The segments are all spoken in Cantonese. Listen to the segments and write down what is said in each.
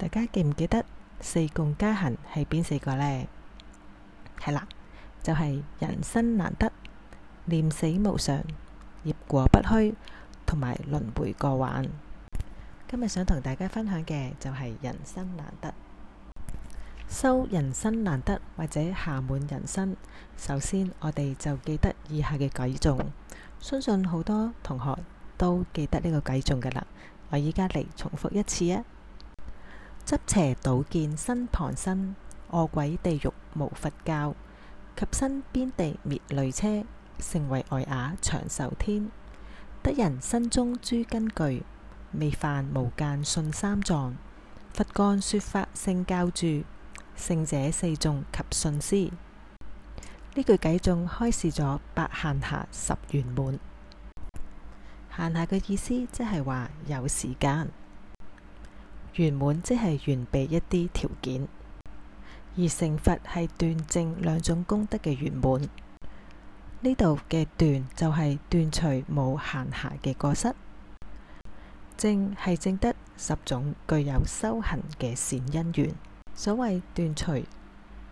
大家記唔記得四共加行係邊四個呢？係啦，就係、是、人生難得、念死無常、業果不虛同埋輪迴過患。今日想同大家分享嘅就係人生難得，修人生難得或者暇滿人生。首先，我哋就記得以下嘅偈頌。相信好多同學都記得呢個偈頌噶啦。我依家嚟重複一次啊！執邪倒見身旁身，餓鬼地獄無佛教，及身邊地滅累車，成為外啞長壽天，得人身中諸根據，未犯無間信三藏，佛干說法聖教住，勝者四眾及信師。呢句偈仲開示咗八閒暇十圓滿。閒暇嘅意思即係話有時間。圓滿即係完備一啲條件，而成佛係斷正兩種功德嘅圓滿。呢度嘅斷就係斷除冇閒暇嘅過失，正係正得十種具有修行嘅善因緣。所謂斷除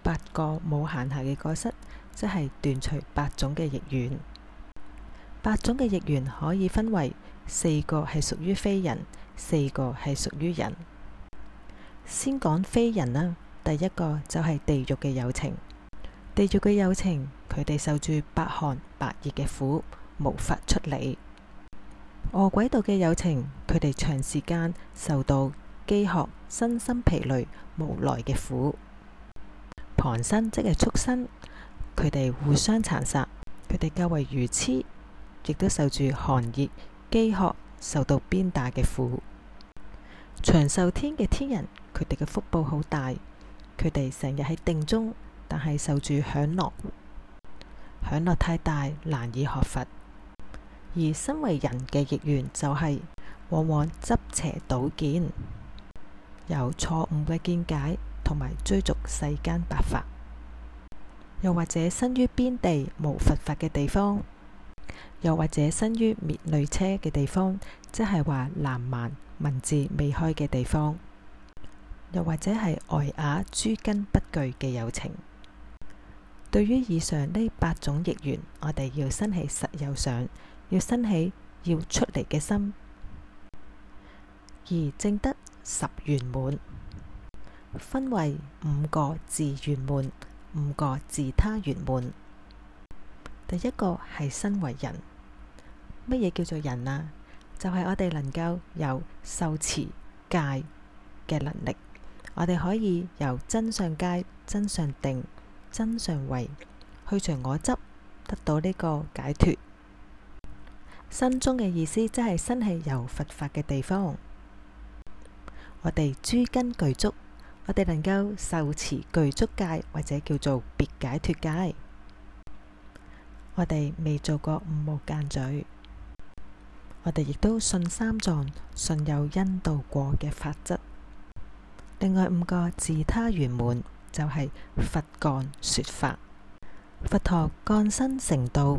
八個冇閒暇嘅過失，即係斷除八種嘅逆緣。八種嘅逆緣可以分為。四個係屬於非人，四個係屬於人。先講非人啦，第一個就係地獄嘅有情。地獄嘅有情，佢哋受住百寒百熱嘅苦，無法出離；餓鬼道嘅有情，佢哋長時間受到饑渴、身心疲累、無奈嘅苦。旁生即係畜生，佢哋互相殘殺，佢哋較為愚痴，亦都受住寒熱。饑渴，受到鞭打嘅苦。長壽天嘅天人，佢哋嘅福報好大，佢哋成日喺定中，但係受住享樂，享樂太大，難以學佛。而身為人嘅逆緣，就係往往執邪倒見，有錯誤嘅見解，同埋追逐世間八法，又或者身於邊地無佛法嘅地方。又或者生於蔑戾車嘅地方，即係話南蠻文字未開嘅地方；又或者係瘖啞諸根不具嘅友情。對於以上呢八種逆緣，我哋要生起實有想，要生起要出嚟嘅心，而證得十圓滿，分為五個自圓滿，五個自他圓滿。第一個係身為人，乜嘢叫做人啊？就係、是、我哋能夠有受持戒嘅能力，我哋可以由增上戒、增上定、增上慧去除我執，得到呢個解脱。身中嘅意思即係身係有佛法嘅地方，我哋諸根具足，我哋能夠受持具足戒，或者叫做別解脱戒。我哋未做過五無間罪，我哋亦都信三藏，信有因道果嘅法則。另外五個自他圓滿，就係、是、佛干說法。佛陀干身成道，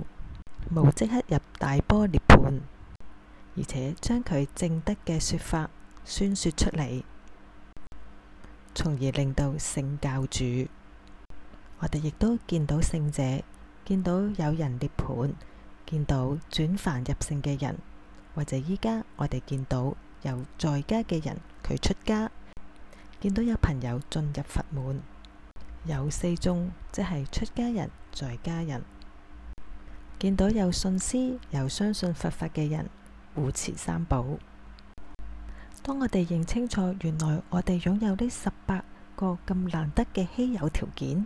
冇即刻入大般涅槃，而且將佢證得嘅說法宣說出嚟，從而令到聖教主。我哋亦都見到聖者。見到有人涅盤，見到轉凡入聖嘅人，或者依家我哋見到有在家嘅人佢出家，見到有朋友進入佛門，有四眾，即係出家人、在家人，見到有信師，有相信佛法嘅人護持三寶。當我哋認清楚，原來我哋擁有呢十八個咁難得嘅稀有條件。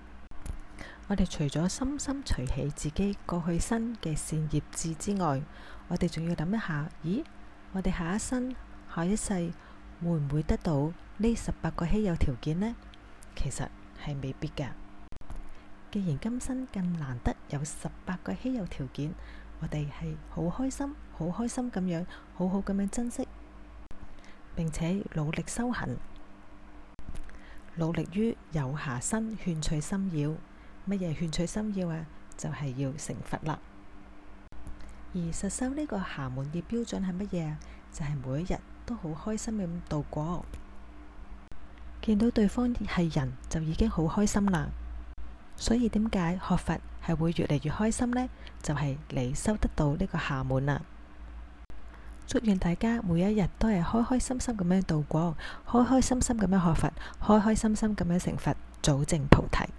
我哋除咗深深隨喜自己過去生嘅善業志之外，我哋仲要諗一下：咦，我哋下一生、下一世會唔會得到呢十八個稀有條件呢？其實係未必㗎。既然今生咁難得有十八個稀有條件，我哋係好開心、好開心咁樣，好好咁樣珍惜，並且努力修行，努力於餘下生勸取心要。乜嘢勸取心要啊？就係要成佛啦。而實修呢個下門嘅標準係乜嘢啊？就係每一日都好開心咁度過，見到對方係人就已經好開心啦。所以點解學佛係會越嚟越開心呢？就係你收得到呢個下門啦。祝願大家每一日都係開開心心咁樣度過，開開心心咁樣學佛，開開心心咁樣成佛，早證菩提。